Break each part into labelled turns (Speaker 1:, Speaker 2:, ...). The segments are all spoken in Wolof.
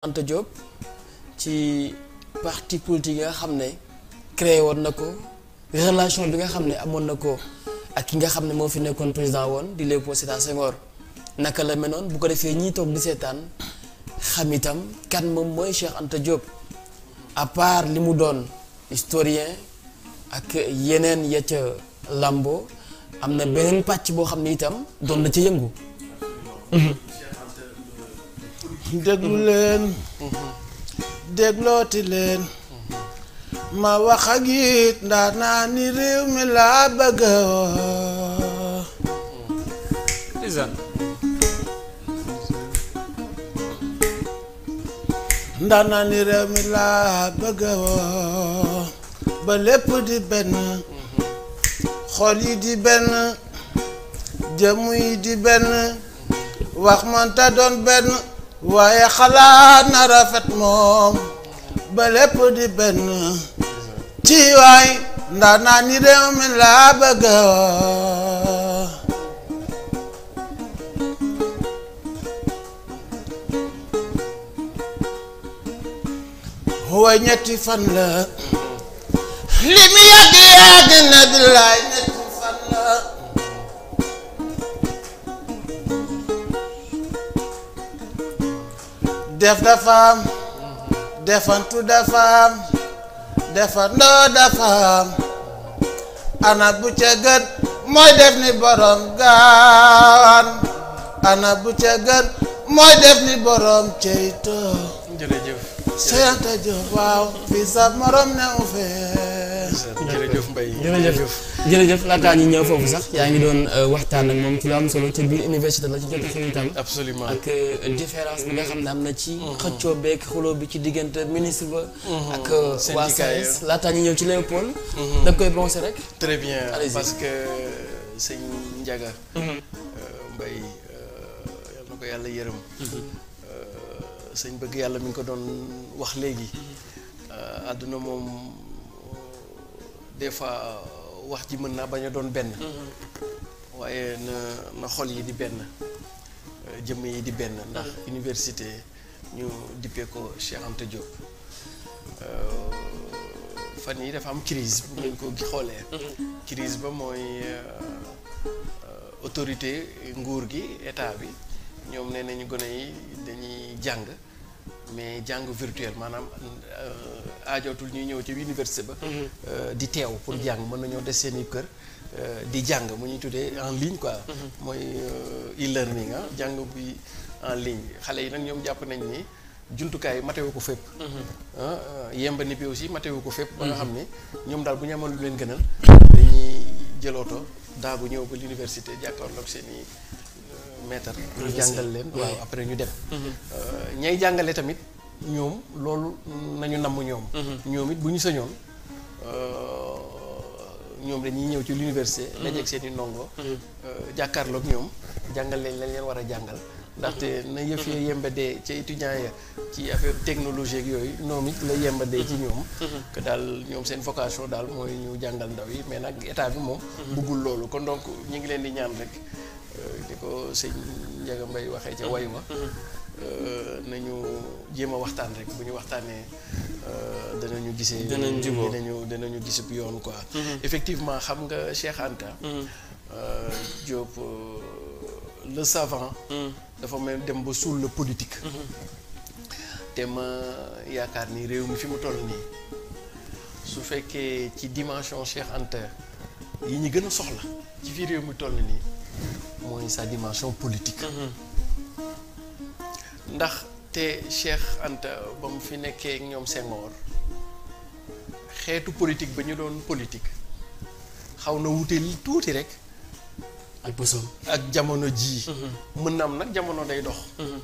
Speaker 1: Anta Diop ci parti politique yi nga xam ne créer woon na ko relation bi nga xam ne amoon na ko ak ki nga xam ne moo fi nekkoon président woon di Léopold Sédar Senghor naka la menoon bu ko defee ñi toog di seetaan xam itam kan moom mooy Cheikh Anta Diop à part li mu doon historien ak yeneen ya ca Lambo am na beneen pàcc boo xam ne itam
Speaker 2: doon na ca yëngu. Mhm. déglu leen ma wax ak it ndax naa ni réew mi laa bëgg ndax naa ni réew mi laa bëgg ba lépp di benn xol yi di benn jëmm yi di benn wax man doon benn waaye xalaat na rafet moom ba lépp di benn ci waay ndaa ni réew mi laa bëgg way ñetti fan la li mu yàgg yàgg na billaay def dafa am defantu dafa am defandoo dafa am bu ca gën mooy def ni borom gaan ana bu ca gën mooy def ni borom ceyto jërëjëf seyante jëf waaw fii sa ne u fee
Speaker 1: jërëjëf laataan ñu ñëw foofu sax yaa ngi doon euh, waxtaan ak moom ci lu am solo ci biir université la ci jot a xew itam. absolument ak euh, différence bi na ci. Mm-hmm. xëccoo beeg xuloo bi ci diggante ministre ba. Mm-hmm. ak euh, waa SAES laataa ñu ñëw ci Léopold. Mm-hmm. da koy broncer rek.
Speaker 3: très bien parce que sëñ Ndiaga. Mbay yal na ko yàlla yërëm. sëñ bëgg yàlla mu ngi ko doon wax léegi. àdduna moom des fois. wax ji mën naa bañ a doon benn waaye na xol yi di benn euh, jëmm yi di benn ndax mm-hmm. université ñu dippee ko Cheikh Anta euh, fan yi dafa am crise bu ngeen ko mm-hmm. xoolee mm-hmm. crise ba mooy euh, autorité nguur gi état bi ñoom nee nañu gone yi dañuy jàng mais jàng virtuel maanaam euh, aajootul ñuy ñëw ci université ba. Mhm. Euh, di teew pour mhm. jàng mën nañoo des seen i kër. Euh, di jàng mu ñuy tuddee en ligne quoi. Mhm. mooy e-learning ah jàng bi en ligne xale yi nag ñoom jàpp nañ ni jumtukaay matewu ko fépp. Ah, yemba ni bi aussi matewu ko fépp. ba nga xam ne ñoom daal bu ñu amoon lu leen gënal dañuy jëlooto daagu ñëw ba l'université jàkkaarloog seen i. maître ñu jàngal leen waaw après ñu dem mhm. euh, ñay jàngale tamit ñoom loolu nañu namm ñoom mhm. ñoom it bu ñu sañoon euh, ñoom dañuy ñëw ci lu l'université mhm. dajeeg seen i ndongo euh, jàkkaarlook ñoom jàngal leen lañ leen war a jàngal ndaxte na yëf ya yembadee ca étudiant ya ci affaire technologie yooyu ñoom it la dee ci ñoom daal ñoom seen vocation daal mooy ñu jàngal ndaw yi mais nag état bi moom bëggul loolu kon donc ñu ngi leen di ñaan rek ko sëñ Ndiaga Mbaye waxee ca wayu ma mhm. euh, nañu jéem a waxtaan rek bu ñu waxtaanee euh, danañu gisee danañ jubóo danañu danañu gisub yoon quoi mhm. effectivement xam nga Cheikh Anta mhm. euh, Diop le savant dafa mel dem ba suul le politique te ma yaakaar ni réew mi fi mu toll nii su fekkee ci dimension Cheikh Anta yi ñu gën a soxla ci fi réew mi toll nii mooy sa dimension politique. Mm-hmm. ndax te Cheikh Anta ba mu fi nekkee ak ñoom Senghor xeetu politique ba ñu doon politique xaw na wuute tuuti rek. ak bësoom ak jamono ji mm-hmm. mën na am nag jamono day dox. Mm-hmm.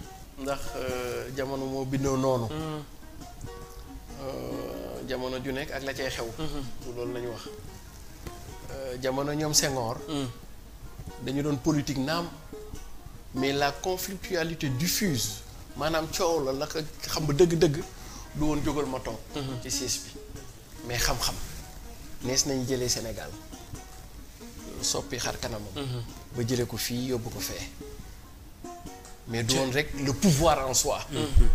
Speaker 3: ndax euh, jamono moo bindoo noonu. Euh, jamono ju nekk ak la cay xew. loolu la ñu wax. Euh, jamono ñoom Senghor. dañu doon politique naam mais la conflictualité diffuse maanaam coow la naka xam nga dëgg-dëgg du woon jógal ma toog. Mhm. ci siis bi mais xam-xam nees nañ jëlee Sénégal soppi xar kanamam. Mhm. ba jëlee ko fii yóbbu ko fee. mais du woon rek lu pouvoir en soi. Mhm.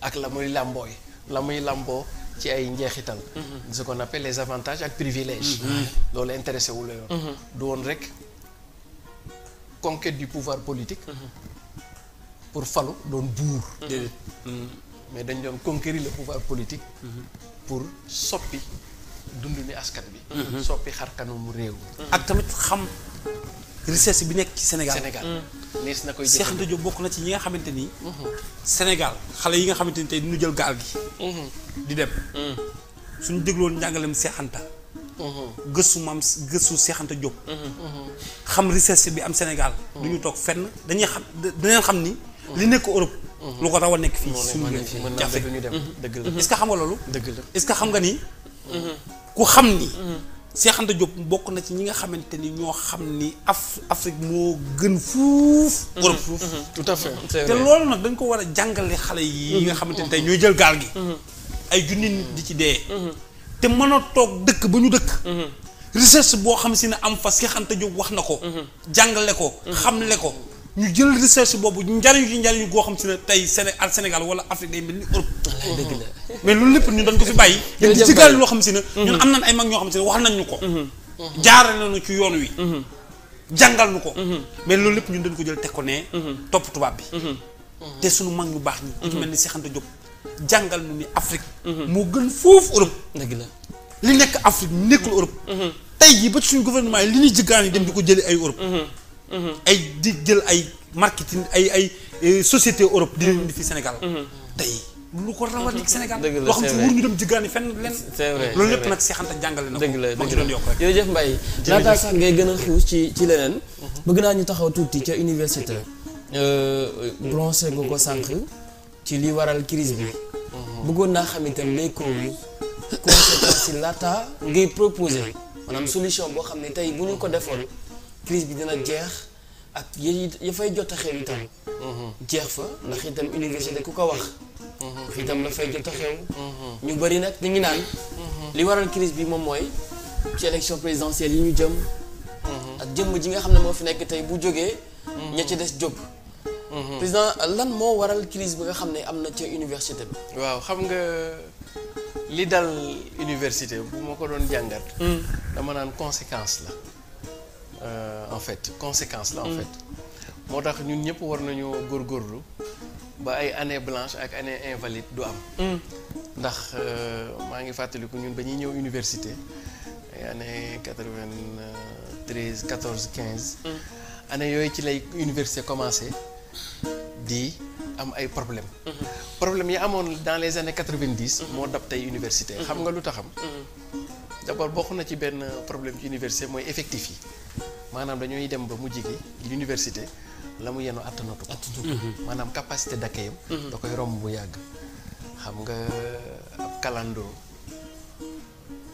Speaker 3: ak la muy làmbooy la muy làmboo ci ay njeexital. ce qu'on appelle les avantages ak privilèges. loolu intéressé wu la yoon. du woon rek. conquête du pouvoir politique. Mhm. pour falu doon buur. Mhm. Mhm. mais dañ doon conquérir le pouvoir politique. pour soppi
Speaker 4: dund ni askan bi. soppi xar kanamu réew. ak tamit xam richesse bi nekk ci Sénégal. Sénégal nees na koy jëfandikoo Cheikh bokk na ci ñi nga xamante ni. Sénégal xale yi nga xamante ni tey du jël gaal gi. di dem. suñu dégloon njàngaleem Cheikh Anta. gëstu maam gëstu Cheikh Anta xam richesse bi am Sénégal. du ñu toog fenn dañuy xam dañoo xam ni. li nekk Europe. lu ko raw a nekk fii suñu jafe mhm. dëgg la est-ce que xam nga loolu. dëgg la est-ce que xam nga ni. Mhm. ku xam ni. Mhm. Cheikh Anta Diop bokk na ci ñi nga xamante ni ñoo xam ni Af Afrique moo gën fuuf. Europe
Speaker 2: tout à fait te
Speaker 4: loolu nag dañ ko war a jàngale xale yi. nga xamante ni tey ñooy jël gaal gi. ay junni nit di ci dee. te mën a toog dëkk ba ñu dëkk. recherche boo xam si ne am fa Cheikh Anta Diop wax na ko. Mhm. jàngale ko. Mhm. xamle ko ñu jël recherche boobu njariñu ci njariñu goo xam si ne tey Séné Sénégal wala Afrique day mel ni
Speaker 2: Europe. Ah, dëgg la mais loolu lépp ñu dañ ko fi bàyyi. dañ di loo xam ne. ñun mhm. am
Speaker 4: nañ ay mag ñoo xam ne wax nañ ñu ko. jaarale nañu ci yoon wi. jàngal nu ko. mais loolu lépp ñun dañ ko jël teg ko ne. topp tubaab bi. te suñu mag ñu baax ñi. ku mel ni Cheikh Anta Diop jàngal nu ni Afrique. moo gën foofu Europe. la. li nekk Afrique nekkul Europe. tey jii ba ci suñu gouvernement yi li ñuy jëggaan yi dem di ko jëli ay Europe. Mhm. Mhm. ay di jël ay marketing ay ay société Europe. di leen indi fii Sénégal. Mhm. tey lu ko rawat ci Sénégal. dëgg la c'est vrai loo xam ne wóor ñu dem jëggaan yi fenn lenn. c'est vrai loolu lépp nag seexanta jàngale na ko. la dëgg la ci doon yokk rek. jërëjëf Mbaye laata sax ngay gën a xiw ci ci leneen.
Speaker 1: bëgg naa ñu taxaw tuuti ca université. Euh, bronché nga ko sànq ci li waral crise bi. bëggoon naa conséquences yi laata ngay proposer maanaam solution boo xam ne tey bu ñu ko defoon crise bi dina jeex ak yi ya fay jot a xew itam jeex fa ndax itam université ku ko wax itam la fay jot a xew ñu bari nag ñu ngi naan li waral crise bi moom mooy ci élection présidentielle yi ñu jëm ak jëm ji nga xam ne moo fi nekk tey bu jógee ña ci des jóg président lan moo waral crise bi nga xam ne am na ci université
Speaker 3: bi waaw xam nga li dal université bu ma ko doon jàngat. Hmm. dama naan conséquence la euh, en fait conséquence la en hmm. fait moo tax ñun ñëpp war nañoo góorlu ba ay année blanche ak année invalide du am. Hmm. ndax euh, maa ngi fàttaliku ñun ba ñuy ñëw université ay année quatre vingt quatorze quinze. années yooyu ci lay université commencé di. am ay problème problème yi amoon dans les années quatre-vingt-dix moo dab tey université xam nga lu taxam d'abord bokk na ci benn problème ci université mooy effectif yi maanaam dañooy dem ba mu gi l'université la mu yenu attanatu ko maanaam mm-hmm. capacité d'accueil am mm-hmm. da koy romb bu yàgg xam nga ab kalando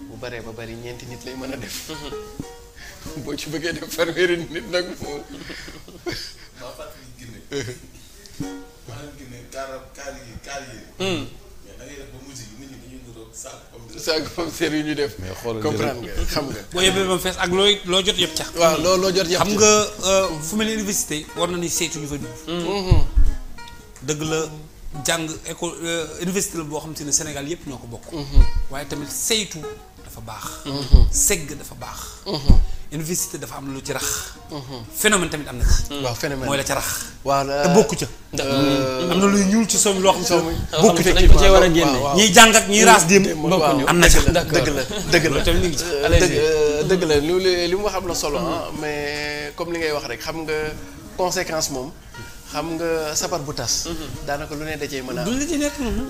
Speaker 3: bu baree ba bari ñeenti nit lay mën a def mm-hmm. boo ci bëggee def fanweeri nit nag moom
Speaker 2: carrière carrière. Hmm. mais da
Speaker 3: ngay gi ñu def. mais xoolal comprendre nga xam nga. boo yëppee
Speaker 4: ba mu fees ak looy loo jot yëpp cax. xam nga euh, fu mel ni université war nañu saytu ñu fa dugg. dëgg la jàng école euh, université la boo xam ne Sénégal yëpp ñoo ko bokk. Hmm. waaye tamit saytu dafa baax. Hmm. segg dafa baax. université dafa am lu ci rax. Mhm. phénomène tamit am na ci. waaw phénomène mooy la ca rax. waaw te euh, mm. Mm. bokku ca. am na luy ñuul ci sol loo xam ne bokku ca dañ ko cee war a génne. ñiy jàng ak ñiy raas la dëgg la dëgg
Speaker 3: la euh, euh, li mu wax am na solo ah, mais comme li ngay wax rek xam nga conséquence moom. xam nga sabar bu tas. Mhm. daanaka lu ne da cee mën a.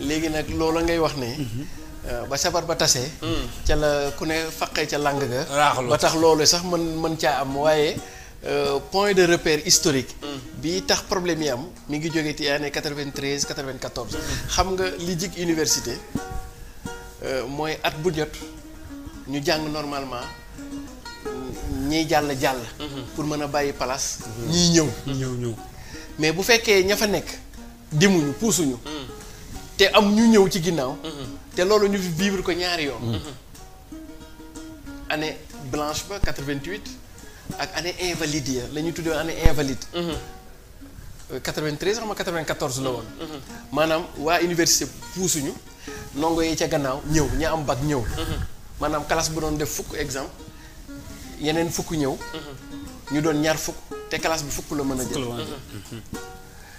Speaker 3: léegi nag loola ngay wax ne. Mhm. Euh, ba sabar ba tase hmm. ca la ku ne faqee ca làng ga. ba tax loolu sax mën mën caa am waaye euh, point de repère historique. Hmm. bi tax problème yi am mi ngi jógee ci année 93 94. Hmm. xam nga li jig université euh, mooy at bu jot ñu jàng normalement. ñiy jàll jàll. pour mën a bàyyi place. ñiy ñëw ñëw ñëw. mais bu fekkee ña fa nekk. dimuñu puusuñu. te am ñu ñëw ci ginnaaw. te loolu ñu vivre ko ñaari yoon. Mm-hmm. année blanche ba 88 ak année invalide ya la ñuy tuddee année invalide. 93 mm-hmm. euh, xam nga 94 la woon. Mm-hmm. maanaam waa université puusuñu ndongo yi ca gannaaw ñëw ña am bac ñëw. maanaam classe bu doon def fukk exemple yeneen fukk ñëw. ñu doon ñaar fukk te classe bi fukk la mën a jël.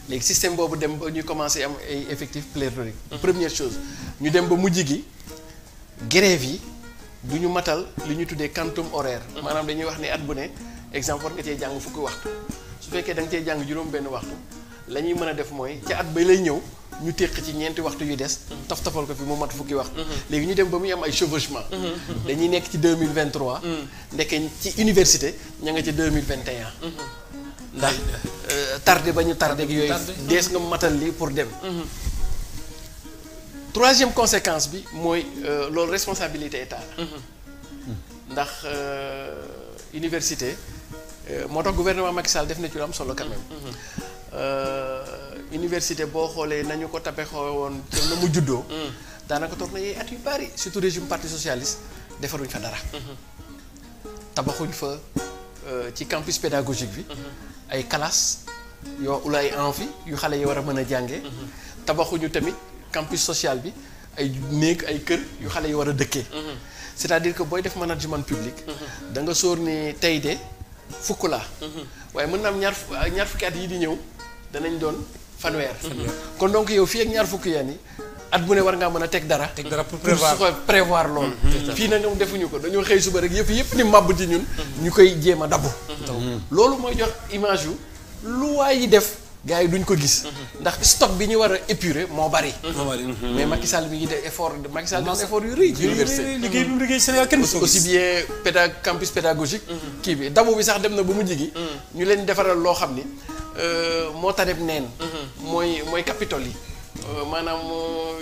Speaker 3: léegi système boobu dem ba ñuy commencé am ay effectif pléthorique première chose ñu dem ba mujj gi grève yi du ñu matal lu ñu tuddee quantum horaire mm-hmm. maanaam dañuy wax ne at bu ne exemple war nga cee jàng fukki waxtu su fekkee da nga cee jàng juróom benn waxtu la ñuy mën a def mooy ca at ba lay ñëw ñu téq ci ñeenti waxtu yu des mm-hmm. taf tafal ko fi mu mat fukki waxtu mm-hmm. léegi ñu dem ba muy am ay chevauchement dañuy nekk ci 2023 ndeke ci université ña nga ci 2021 ndax tardé ba ñu tardé ak yooyu dees nga matal lii pour dem mhm. troisième conséquence bi mooy euh, loolu responsabilité état la mhm. ndax euh, université euh, moo tax gouvernement Macky Sall def na ci am solo quand même mhm. université boo xoolee nañu ko tapexoo woon te na mu juddoo daanaka toog na yee at yu bari surtout régime parti socialiste defaruñ fa dara tabaxuñ fa ci campus pédagogique bi ay classes yoo ulay envie yu xale yi war a mën a jànge tabaxuñu tamit campus social bi ay néeg ay kër yu xale yi war a dëkkee. c'est-à-dire que booy def management public. da nga sóor ni tey de fukk la waaye mën na am ñaar ñaar fukki at yi di ñëw danañ doon fanweer. kon donc yow fii ak ñaar fukki yan yi at bu ne war ngaa mën a teg dara. teg dara pour prévoir pour prévoir loolu. Mm-hmm. fii na defuñu ko dañoo xëy suba rek yëpp yëpp ni màbb di ñun. ñu koy jéem a dabb.
Speaker 2: Mm-hmm.
Speaker 3: loolu mooy jox image yu. lu loi yi def gars yi duñ ko gis. ndax stock bi ñu war a épurer moo bari. mais mhm. Macky Sall mi ngi de effort Macky Sall def effort yu rëy. université liggéey bi mu liggéey Sénégal kenn aussi bien péda campus pédagogique. Mhm. kii bi dabu bi sax dem na ba mu jigi mhm. ñu leen defaral loo xam ni euh, moo tax dem neen. mooy mooy capitole yi. Euh, maanaam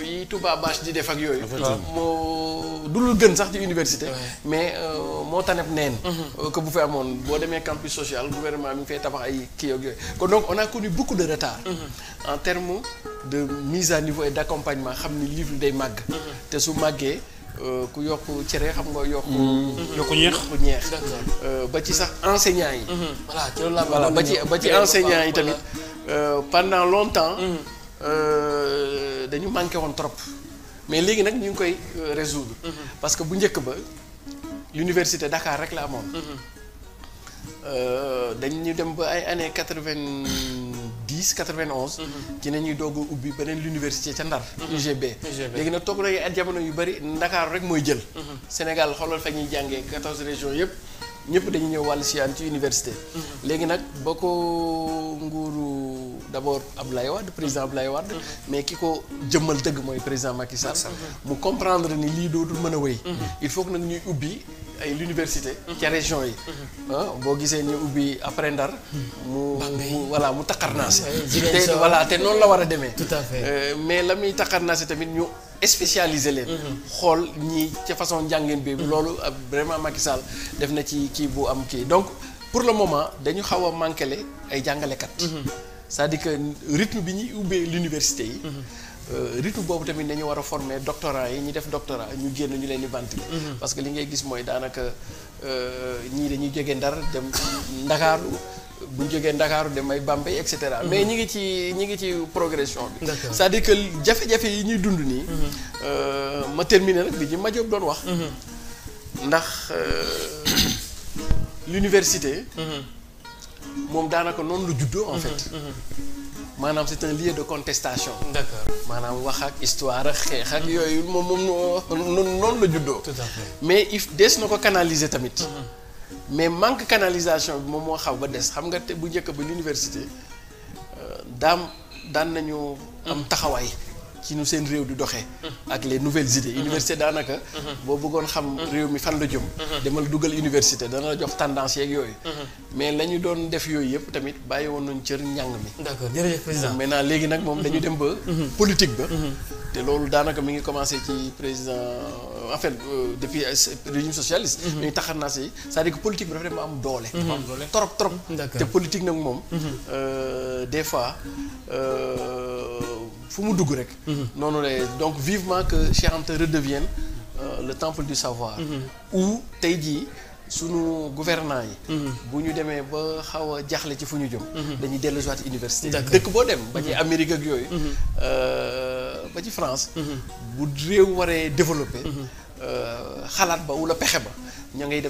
Speaker 3: euh, yi Touba Bache di def ak yooyu. moo du lu gën sax ci université. mais euh, moo tanep neen. Mhm. que bu fi amoon boo demee campus social gouvernement mi ngi fay tabax ay kii yooyu kon donc on a connu beaucoup de retard. Mhm. en termes de mise à niveau et d' accompagnement xam ni livre day màgg. Mhm. te su màggee. ku yokk cere xam nga yokk. yokk ñeex yokk ñeex. ba ci sax enseignants yi. ba ci ba ci enseignants yi tamit pendant longtemps. Euh, dañu manqué woon trop mais léegi nag ñu ngi koy euh, résoudre. Mhm. parce que bu njëkk ba l'université ndakaar rek la amoon. Mhm. Euh, dañu dem ba ay années quatre-vingt-dix quatre-vingt-onze. Mhm. ci nañuy doog a ubbi beneen l'université ca Ndar. UGB léegi nag toog nañu at jamono yu bari Dakar rek mooy jël. Sénégal xoolal fa ñuy jàngee quatorze régions yëpp. ñëpp dañu ñëw wàll si ci université. Mm-hmm. léegi nag ba ko nguuru d' abord Abdoulaye Wade président Abdoulaye Wade. Mm-hmm. mais ki ko jëmmal dëgg mooy président Macky Sall. Mm-hmm. mu comprendre ni lii dootul mën a wéy. il faut que nag ñuy ubbi ay l'université ci région yi. Ah, boo gisee ñu ubbi après Ndar. mu voilà mu taqarnaase. te voilà te noonu la war a demee. tout à fait euh, mais la muy taqarnaase tamit ñu. espécialisé leen. Mhm. xool ñii ca façon njàngeen bi. Mhm. loolu euh, vraiment Macky Sall def na ci kii bu am kii donc pour le moment dañu xaw a manquele ay jàngalekat. Mhm. c'est-à-dire que rythme bi ñuy ubbee l'université yi. Euh, rythme boobu tamit nañu war a former doctorants yi ñi def doctorat ñu génn ñu leen di bant parce que li ngay gis mooy daanaka euh, ñii dañuy jóge Ndar dem Ndakaaru. bu ñu jógee Ndakaaru dem ay bamba et cetera. Mhm. mais ñi ngi ci ñi ngi ci progression bi. c'est-à-dire que jafe-jafe yi ñuy dund nii. Mhm. Euh, ma terminer nag bi ci ma Diop doon wax. Mhm. ndax euh, l'université. moom daanaka noonu lu juddoo. en fait maanaam c'est un lieu de contestation. d'accord maanaam wax ak histoire ak xeex ak yooyu moom moom noonu la juddoo. mais if des na ko canaliser tamit. mais manque canalisation bi moom moo xaw ba des xam nga te bu njëkk ba l'université euh, daam daan nañu am taxawaay ci nu seen réew di doxee ak les nouvelles idées mm-hmm. université daanaka mm-hmm. boo bëggoon xam mm-hmm. réew mi fan la jëm demal dugal université dana la jox tendance yooyu mais la doon def yooyu yëpp tamit bàyyi woon nañ cër njàng mi d'accord jërëjëf président maintenant léegi nag moom dañu dem ba politique ba te loolu daanaka mi ngi commencé ci président euh, en euh, depuis régime socialiste mi ngi taxar naa si cest à bi dafa dem ba am doole trop trop te politique nag moom euh, des fu mu dugg rek. Mhm. noonu lay donc vivement que Cheikh Anta redevienne euh, le temple du savoir. Mhm. ou tey jii. suñu gouvernant yi. Mhm. bu ñu demee ba xaw a jaaxle ci fu ñu jëm. dañuy dellu soit université. dëkk boo dem ba ci Amérique ak yooyu. Euh, ba ci France. bu réew waree développé. Euh, xalaat ba wala pexe ba ña ngay dem.